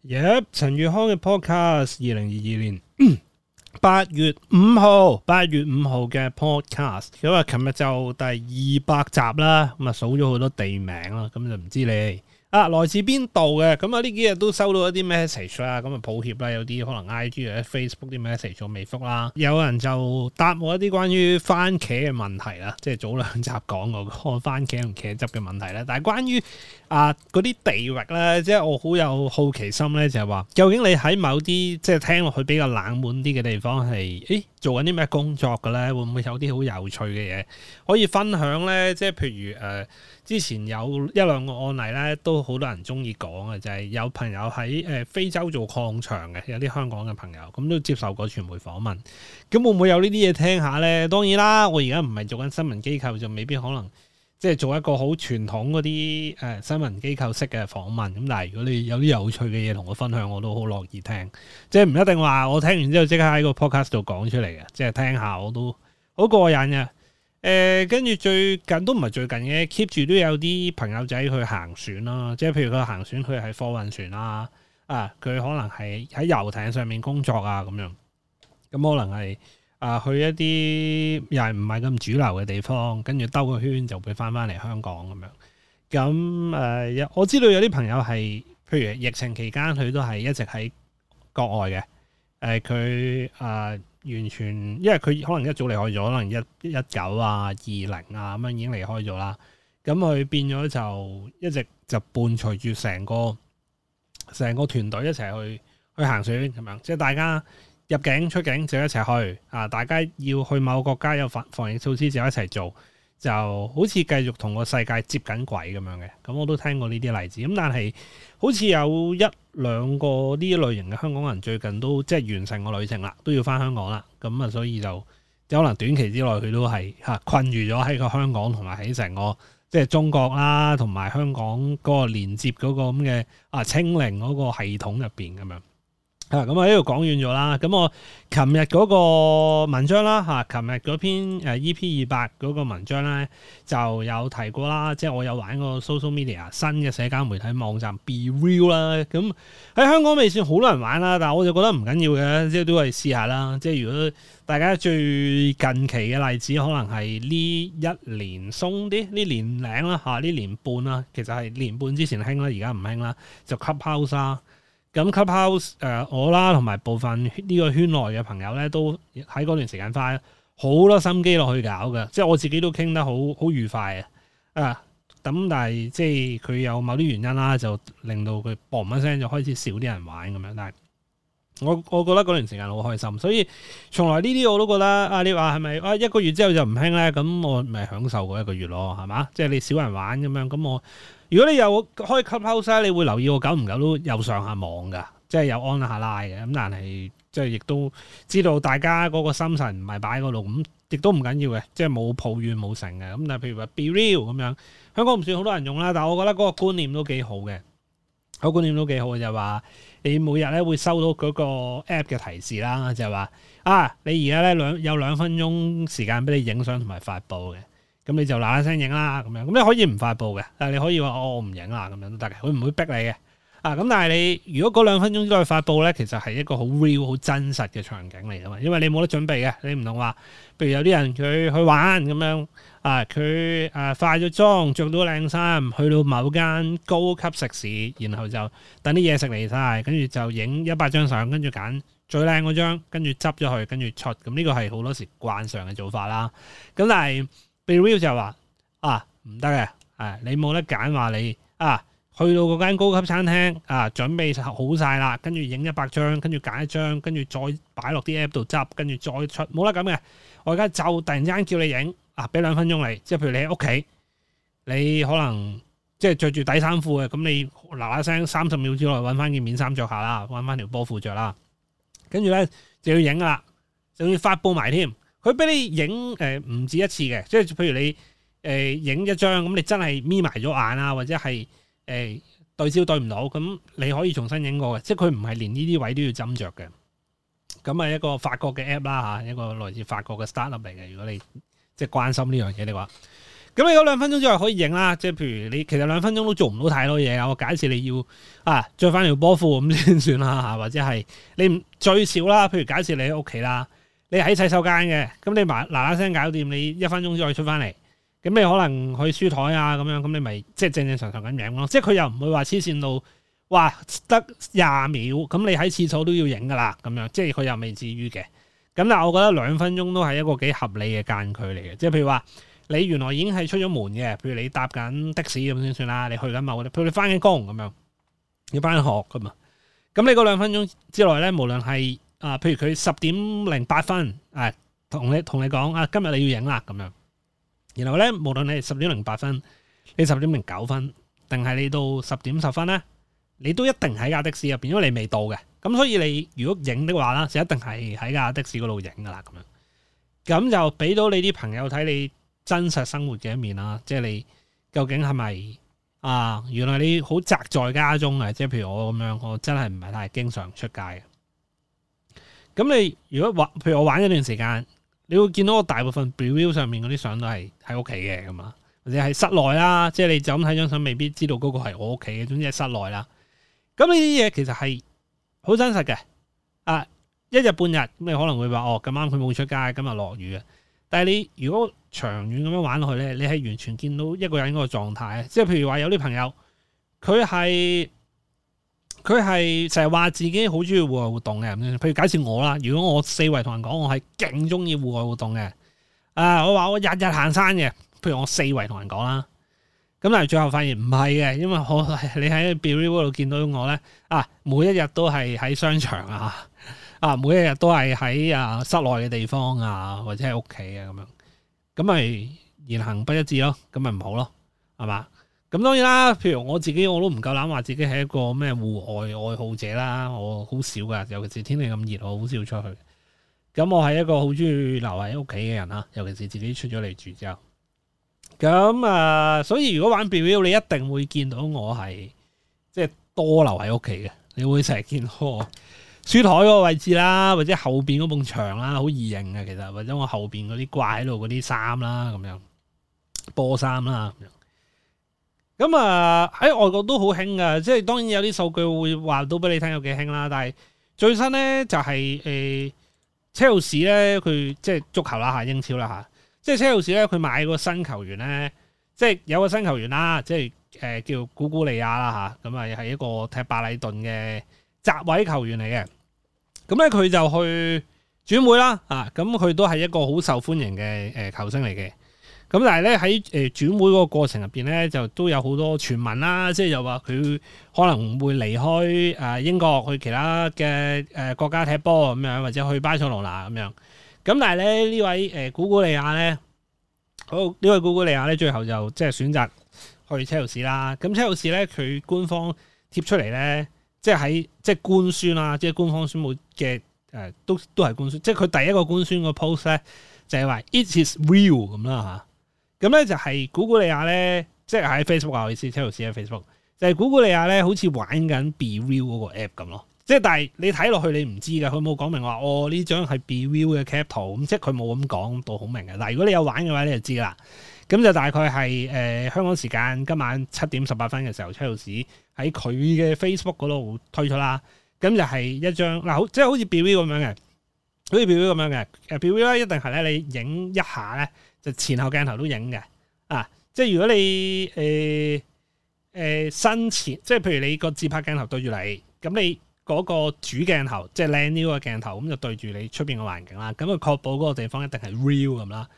.耶！陳宇、yep, 康嘅 podcast，二零二二年八、嗯、月五號，八月五號嘅 podcast，咁啊，琴日 cast，就第二百集啦，咁啊，數咗好多地名啦，咁就唔知你。啊，來自邊度嘅？咁啊，呢幾日都收到一啲 message 啦，咁啊，抱歉啦，有啲可能 IG 或者 Facebook 啲 message 未覆啦。有人就答我一啲關於番茄嘅問題啦，即係早兩集講個番茄同茄汁嘅問題啦，但係關於啊嗰啲地域咧，即係我好有好奇心咧，就係話究竟你喺某啲即係聽落去比較冷門啲嘅地方係誒做緊啲咩工作嘅咧？會唔會有啲好有趣嘅嘢可以分享咧？即係譬如誒。呃之前有一兩個案例咧，都好多人中意講嘅，就係、是、有朋友喺誒非洲做礦場嘅，有啲香港嘅朋友咁都接受過傳媒訪問。咁會唔會有呢啲嘢聽下呢？當然啦，我而家唔係做緊新聞機構，就未必可能即係、就是、做一個好傳統嗰啲誒新聞機構式嘅訪問。咁但係如果你有啲有趣嘅嘢同我分享，我都好樂意聽。即係唔一定話我聽完之後即刻喺個 podcast 度講出嚟嘅，即、就、係、是、聽下我都好過癮嘅。誒，跟住、呃、最近都唔係最近嘅，keep 住都有啲朋友仔去行船咯，即係譬如佢行船，佢係貨運船啦，啊，佢可能係喺遊艇上面工作啊，咁樣，咁、嗯、可能係啊去一啲又係唔係咁主流嘅地方，跟住兜個圈就會翻翻嚟香港咁樣，咁、嗯、誒，有、啊、我知道有啲朋友係，譬如疫情期間佢都係一直喺國外嘅，誒，佢啊。完全，因為佢可能一早離開咗，可能一一九啊、二零啊咁樣已經離開咗啦。咁佢變咗就一直就伴隨住成個成個團隊一齊去去行船咁樣，即係大家入境出境就一齊去啊！大家要去某個國家有防防疫措施就一齊做。就好似繼續同個世界接緊軌咁樣嘅，咁我都聽過呢啲例子。咁但係好似有一兩個呢類型嘅香港人最近都即係完成個旅程啦，都要翻香港啦。咁啊，所以就,就可能短期之內佢都係困住咗喺個香港同埋喺成個即係中國啦，同埋香港嗰個連接嗰個咁嘅啊清零嗰個系統入邊咁樣。咁啊呢度講遠咗啦。咁我琴日嗰個文章啦，嚇、啊，琴日嗰篇 EP 200嗰個文章咧，就有提過啦。即係我有玩個 social media 新嘅社交媒體網站 Be Real 啦。咁喺香港未算好多人玩啦，但係我就覺得唔緊要嘅，即係都係試下啦。即係如果大家最近期嘅例子，可能係呢一年鬆啲，呢年零啦，呢年半啦，其實係年半之前興啦，而家唔興啦，就 Clubhouse。咁 Clubhouse、呃、我啦，同埋部分呢個圈內嘅朋友咧，都喺嗰段時間花好多心機落去搞嘅，即係我自己都傾得好好愉快嘅。啊，咁但係即係佢有某啲原因啦，就令到佢嘣唔一聲就開始少啲人玩咁樣。但係我我覺得嗰段時間好開心，所以從來呢啲我都覺得，啊你話係咪啊一個月之後就唔興咧？咁我咪享受過一個月咯，係嘛？即係你少人玩咁樣，咁我。如果你有開 Clubhouse 你會留意我久唔久都有上下網噶，即係有 online 下啦嘅。咁但係即係亦都知道大家嗰個心神唔係擺嗰度，咁亦都唔緊要嘅，即係冇抱怨冇成嘅。咁但係譬如話 Be Real 咁樣，香港唔算好多人用啦，但係我覺得嗰個觀念都幾好嘅，嗰個觀念都幾好嘅，就係話你每日咧會收到嗰個 app 嘅提示啦，就係話啊，你而家咧兩有兩分鐘時間俾你影相同埋發布嘅。咁你就嗱嗱聲影啦，咁樣咁你可以唔發布嘅，但係你可以話我唔影啦，咁樣都得嘅，佢唔會逼你嘅。啊，咁但係你如果嗰兩分鐘之內發布咧，其實係一個好 real 好真實嘅場景嚟噶嘛，因為你冇得準備嘅，你唔同話，譬如有啲人佢去玩咁樣，啊佢啊化咗妝，着到靚衫，去到某間高級食肆，然後就等啲嘢食嚟晒，跟住就影一百張相，跟住揀最靚嗰張，跟住執咗去，跟住出，咁呢個係好多時慣常嘅做法啦。咁但係。real 就話啊唔、啊、得嘅，誒你冇得揀，話你啊去到嗰間高級餐廳啊，準備好晒啦，跟住影一百張，跟住揀一張，跟住再擺落啲 app 度執，跟住再出，冇得咁嘅。我而家就突然之間叫你影啊，俾兩分鐘嚟。即係譬如你喺屋企，你可能即係着住底衫褲嘅，咁你嗱嗱聲三十秒之內揾翻件面衫着下啦，揾翻條波褲着啦，跟住咧就要影啦，就要發布埋添。佢俾你、呃、影唔止一次嘅，即係譬如你、呃、影一張咁，你真係眯埋咗眼啊，或者係誒、呃、對焦對唔到，咁你可以重新影過嘅。即係佢唔係連呢啲位都要斟酌嘅。咁啊，一個法國嘅 app 啦嚇，一個來自法國嘅 startup 嚟嘅。如果你即係關心呢樣嘢，那你話咁你有兩分鐘之後可以影啦。即係譬如你其實兩分鐘都做唔到太多嘢啊。我假設你要啊著翻條波褲咁先算啦嚇，或者係你唔最少啦。譬如假設你喺屋企啦。你喺洗手間嘅，咁你嗱嗱聲搞掂，你一分鐘再出翻嚟，咁你可能去書台啊咁樣，咁你咪即係正正常常咁影咯。即係佢又唔會話黐線到，哇得廿秒，咁你喺廁所都要影噶啦，咁樣即係佢又未至於嘅。咁但係我覺得兩分鐘都係一個幾合理嘅間距嚟嘅。即係譬如話，你原來已經係出咗門嘅，譬如你搭緊的士咁先算啦，你去緊某啲，譬如你翻緊工咁樣，要翻學咁嘛，咁你嗰兩分鐘之內咧，無論係。啊，譬如佢十點零八分，哎，同你同你講啊，今日你要影啦咁樣。然後咧，無論你係十點零八分，你十點零九分，定係你到十點十分咧，你都一定喺架的士入邊，因為你未到嘅。咁所以你如果影的話啦，就一定係喺架的士嗰度影噶啦咁樣。咁就俾到你啲朋友睇你真實生活嘅一面啦，即係你究竟係咪啊？原來你好宅在家中，即係譬如我咁樣，我真係唔係太經常出街嘅。咁你如果玩，譬如我玩一段時間，你會見到我大部分 review 上面嗰啲相都係喺屋企嘅，咁或者係室內啦，即係你就咁睇張相，未必知道嗰個係我屋企嘅，總之係室內啦。咁呢啲嘢其實係好真實嘅。啊，一日半日咁，你可能會話哦，咁啱佢冇出街，今日落雨啊。但係你如果長遠咁樣玩落去咧，你係完全見到一個人嗰個狀態啊。即係譬如話，有啲朋友佢係。佢係成日話自己好中意戶外活動嘅，譬如假設我啦，如果我四圍同人講我係勁中意戶外活動嘅，啊，我話我日日行山嘅，譬如我四圍同人講啦，咁但係最後發現唔係嘅，因為我你喺 Billboard 度見到我咧，啊，每一日都係喺商場啊，啊，每一日都係喺啊室內嘅地方啊，或者喺屋企啊咁樣，咁咪言行不一致咯，咁咪唔好咯，係嘛？咁當然啦，譬如我自己，我都唔夠膽話自己係一個咩戶外愛好者啦，我好少噶，尤其是天氣咁熱，我好少出去。咁我係一個好中意留喺屋企嘅人啦，尤其是自己出咗嚟住之後。咁啊、呃，所以如果玩 b b 你一定會見到我係即係多留喺屋企嘅。你會成日見到我書台嗰個位置啦，或者後邊嗰埲牆啦，好異形嘅其實，或者我後邊嗰啲掛喺度嗰啲衫啦，咁樣波衫啦。咁啊喺外國都好興噶，即係當然有啲數據會話到俾你聽有幾興啦。但係最新咧就係、是、誒，車路士咧佢即係足球啦吓，英超啦吓，即係車路士咧佢買個新球員咧，即係有個新球員啦，即係誒叫古古利亞啦吓，咁啊係一個踢巴里頓嘅閘位球員嚟嘅。咁咧佢就去轉會啦啊！咁、嗯、佢都係一個好受歡迎嘅誒球星嚟嘅。咁但係咧喺誒轉會嗰個過程入邊咧，就都有好多傳聞啦，即係又話佢可能會離開誒英國去其他嘅誒國家踢波咁樣，或者去巴塞羅那咁樣。咁但係咧呢位誒古古利亞咧，好呢位古古利亞咧，最後就即係選擇去車路士啦。咁車路士咧佢官方貼出嚟咧，即係喺即係官宣啦，即係官方宣佈嘅誒都都係官宣。即係佢第一個官宣個 post 咧，就係話 It is real 咁啦嚇。咁咧就係古古裏亞咧，即、就、喺、是、Facebook 啊，我意思 Charles 喺 Facebook，就係古古裏亞咧，好似玩緊 Brew 嗰個 app 咁咯。即係但係你睇落去你唔知嘅，佢冇講明話哦呢張係 Brew 嘅 c a p i t a 咁，即係佢冇咁講到好明嘅。嗱，如果你有玩嘅話，你就知啦。咁就大概係、呃、香港時間今晚七點十八分嘅時候，Charles 喺佢嘅 Facebook 嗰度推出啦。咁就係一張嗱，即係好似 Brew 咁樣嘅，好似 Brew 咁樣嘅 b Brew 咧、啊，一定係咧你影一下咧。就前後鏡頭都影嘅，啊！即係如果你誒誒身前，即係譬如你個自拍鏡頭對住你，咁你嗰個主鏡頭，即係靚啲嘅鏡頭，咁就對住你出邊嘅環境啦。咁就確保嗰個地方一定係 real 咁啦。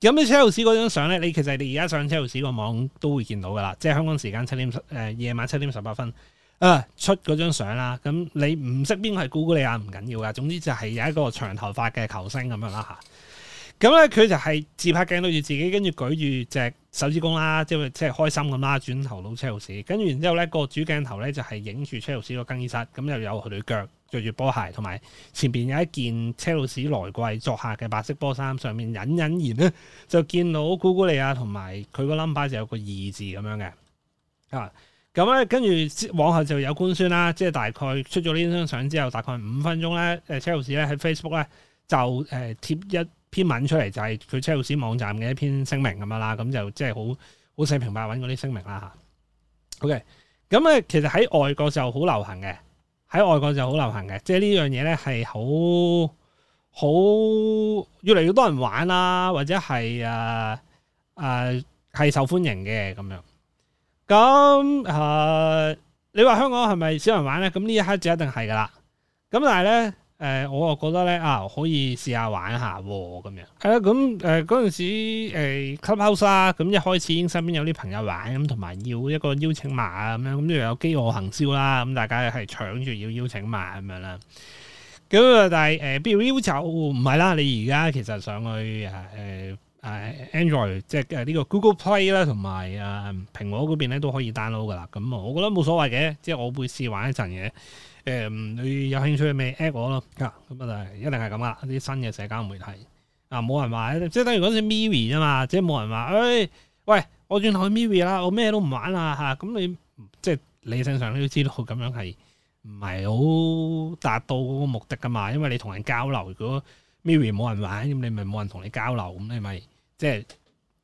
咁你車路士嗰張相咧，你其實你而家上車路士個網都會見到噶啦。即係香港時間七點十誒夜晚七點十八分啊，出嗰張相啦。咁你唔識邊個係古古裏亞唔緊要噶，總之就係有一個長頭髮嘅球星咁樣啦嚇。咁咧佢就係自拍鏡對住自己，跟住舉住隻手指公啦，即係即係開心咁啦，轉頭到車路士，跟住然之後咧個主鏡頭咧就係影住車路士個更衣室，咁又有佢對腳着住波鞋，同埋前邊有一件車路士來季作客嘅白色波衫，上面隱隱然咧就見到古古利亞同埋佢個 number 就有個二字咁樣嘅。啊、嗯，咁咧跟住往後就有官宣啦，即係大概出咗呢張相之後，大概五分鐘咧，誒車路士咧喺 Facebook 咧就誒貼一。篇文出嚟就係佢車路士網站嘅一篇聲明咁啦，咁就即係好好四平八穩揾嗰啲聲明啦吓。OK，咁啊，其實喺外國就好流行嘅，喺外國就好流行嘅，即係呢樣嘢咧係好好越嚟越多人玩啦，或者係誒誒係受歡迎嘅咁樣。咁誒、呃，你話香港係咪少人玩咧？咁呢一刻就一定係噶啦。咁但係咧。誒、呃，我又覺得咧啊，可以試、試玩一下玩下喎，咁、嗯、樣。係、嗯、啊，咁誒嗰陣時 Clubhouse 啦，咁、欸嗯、一開始已經身邊有啲朋友玩咁，同埋要一個邀請碼啊咁樣，咁、嗯嗯、又有飢餓行銷啦，咁大家係搶住要邀請碼咁樣啦。咁、嗯、啊、嗯嗯，但係誒 BeReal 就唔係啦，你而家其實上去誒誒、呃、Android 即係呢個 Google Play 啦，同埋啊蘋果嗰邊咧都可以 download 噶啦。咁、嗯、啊，我覺得冇所謂嘅，即係我會試玩一陣嘅。誒、嗯，你有興趣咪 at 我咯，嚇、啊，咁啊就係、是、一定係咁啦，啲新嘅社交媒體啊，冇人玩，即係等於嗰陣 Miri 啊嘛，即係冇人話，誒、欸，喂，我轉去 Miri 啦，我咩都唔玩啦嚇，咁、啊、你即係理性上都知道咁樣係唔係好達到嗰個目的噶嘛，因為你同人交流，如果 Miri 冇人玩，咁你咪冇人同你交流，咁你咪即係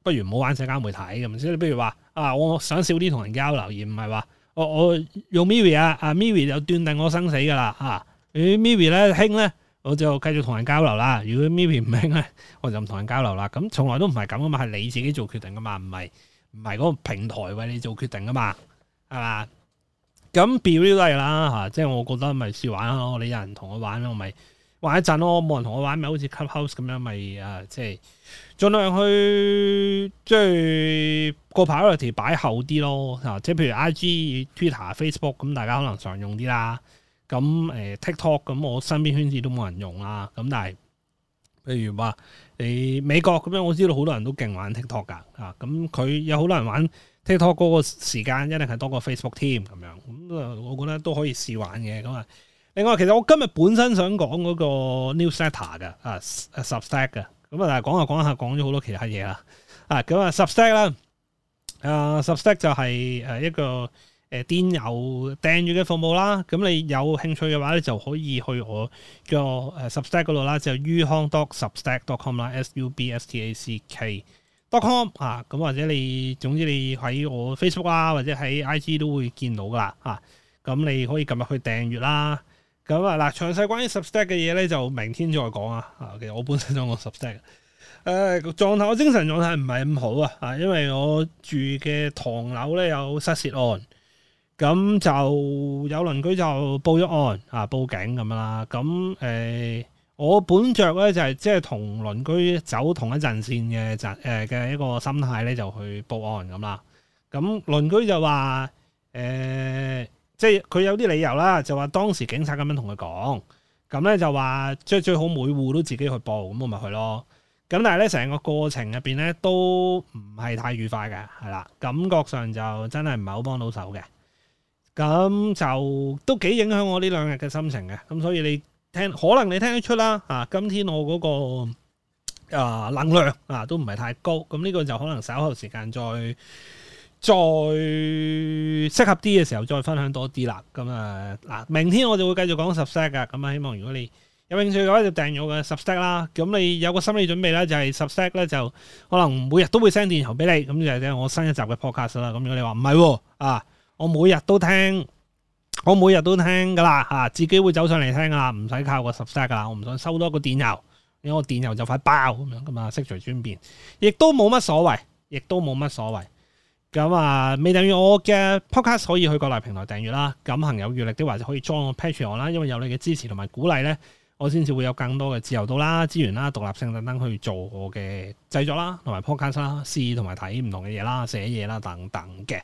不如冇玩社交媒體咁，即係你不如話啊，我想少啲同人交流，而唔係話。我我用 Miri 啊，阿 Miri 就斷定我生死噶啦嚇。如果 Miri 咧興咧，我就繼續同人交流啦；如果 Miri 唔興咧，我就唔同人交流啦。咁從來都唔係咁噶嘛，係你自己做決定噶嘛，唔係唔係嗰個平台為你做決定噶嘛，係嘛？咁 Bill 都係啦嚇、啊，即係我覺得咪試玩下，你有人同我玩咯咪。玩一陣咯，冇人同我玩咪好似 Clubhouse 咁樣咪啊，即係盡量去即係、就是、個 priority 擺厚啲咯嚇，即係譬如 IG、Twitter、Facebook 咁，大家可能常用啲啦。咁、呃、TikTok 咁，我身邊圈子都冇人用啦。咁但係，譬如話你、呃、美國咁樣，我知道好多人都勁玩 TikTok 㗎吓，咁佢有好多人玩 TikTok 嗰個時間一定係多過 Facebook team 咁樣，咁我覺得都可以試玩嘅咁啊。另外，其實我今日本身想講嗰個 new stack 嘅啊，sub stack 嘅，咁啊講下講下講咗好多其他嘢啦，啊咁啊 sub stack 啦，sub stack 就係一個誒電郵訂閱嘅服務啦。咁你有興趣嘅話咧，就可以去我個誒 sub stack 嗰度啦，就於康 docsubstack.com 啦，s u b s t a c k .com 啊，咁或者你總之你喺我 Facebook 啊，或者喺 IG 都會見到噶啦，咁你可以撳入去訂閱啦。咁啊嗱，詳細關於 subscribe 嘅嘢咧，就明天再講啊。其實我本身想講 subscribe，誒、呃、狀態，我精神狀態唔係咁好啊。啊，因為我住嘅唐樓咧有失竊案，咁就有鄰居就報咗案啊，報警咁啦。咁誒、呃，我本着咧就係即係同鄰居走同一陣線嘅，誒嘅一個心態咧，就去報案咁啦。咁鄰居就話誒。呃即係佢有啲理由啦，就話當時警察咁樣同佢講，咁咧就話即係最好每戶都自己去報，咁我咪去咯。咁但係咧成個過程入面咧都唔係太愉快嘅，係啦，感覺上就真係唔係好幫到手嘅。咁就都幾影響我呢兩日嘅心情嘅。咁所以你聽，可能你聽得出啦。啊，今天我嗰、嗰個、啊、能量啊都唔係太高，咁呢個就可能稍後時間再。再適合啲嘅時候，再分享多啲啦。咁啊，嗱，明天我哋會繼續講十 s e 噶。咁啊，希望如果你有興趣嘅話，就訂咗嘅十 s e 啦。咁你有個心理準備啦，就係十 s e 咧，就可能每日都會 send 電郵俾你。咁就係我新一集嘅 p o d c 啦。咁如果你話唔係喎，啊，我每日都聽，我每日都聽噶啦，啊，自己會走上嚟聽啊，唔使靠個十 s e 噶啦。我唔想收多個電郵，因為的電郵就快爆咁樣噶嘛，適才轉變，亦都冇乜所謂，亦都冇乜所謂。咁啊、嗯，未訂閱我嘅 podcast 可以去國內平台訂閱啦。咁行有餘力的，或者可以 join 我 patreon 啦。因為有你嘅支持同埋鼓勵咧，我先至會有更多嘅自由度啦、資源啦、獨立性等等去做我嘅製作啦，同埋 podcast 啦、試同埋睇唔同嘅嘢啦、寫嘢啦等等嘅。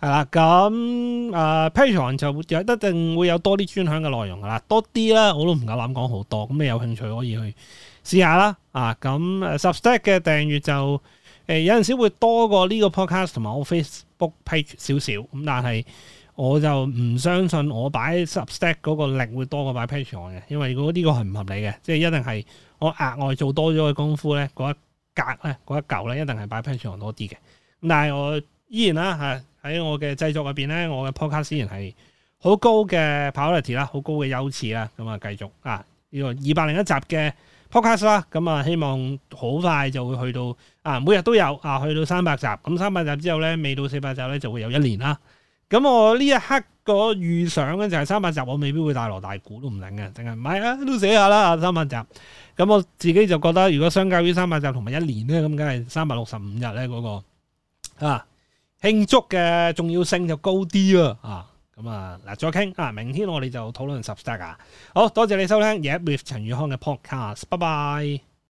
係啦，咁、呃、patreon 就有一定會有多啲專享嘅內容噶啦，多啲啦，我都唔夠膽講好多。咁你有興趣可以去試下啦。啊，咁誒 subscribe 嘅訂閱就。欸、有陣時會多過呢個 podcast 同埋我 Facebook page 少少咁，但係我就唔相信我擺 Substack 嗰個力會多過擺 Patreon 嘅，因為如果呢個係唔合理嘅，即係一定係我額外做多咗嘅功夫咧，嗰一格咧，嗰一嚿咧一定係擺 Patreon 多啲嘅。咁但係我依然啦吓喺我嘅製作入面咧，我嘅 podcast 依然係好高嘅 quality 啦，好高嘅優次啦，咁啊繼續啊呢、呢個二百零一集嘅。Podcast 啦，咁啊希望好快就會去到啊，每日都有啊，去到三百集，咁三百集之後咧，未到四百集咧就會有一年啦。咁我呢一刻個預想咧就係三百集，我未必會大鑼大鼓都唔領嘅，淨係唔係啊，都不不寫下啦，三百集。咁我自己就覺得，如果相較於三百集同埋一年咧，咁梗係三百六十五日咧嗰個啊慶祝嘅重要性就高啲啊！啊～咁啊，嗱，再傾啊！明天我哋就討論 Substack，好多謝你收聽《Yep、yeah, with 陳宇康》嘅 Podcast，拜拜。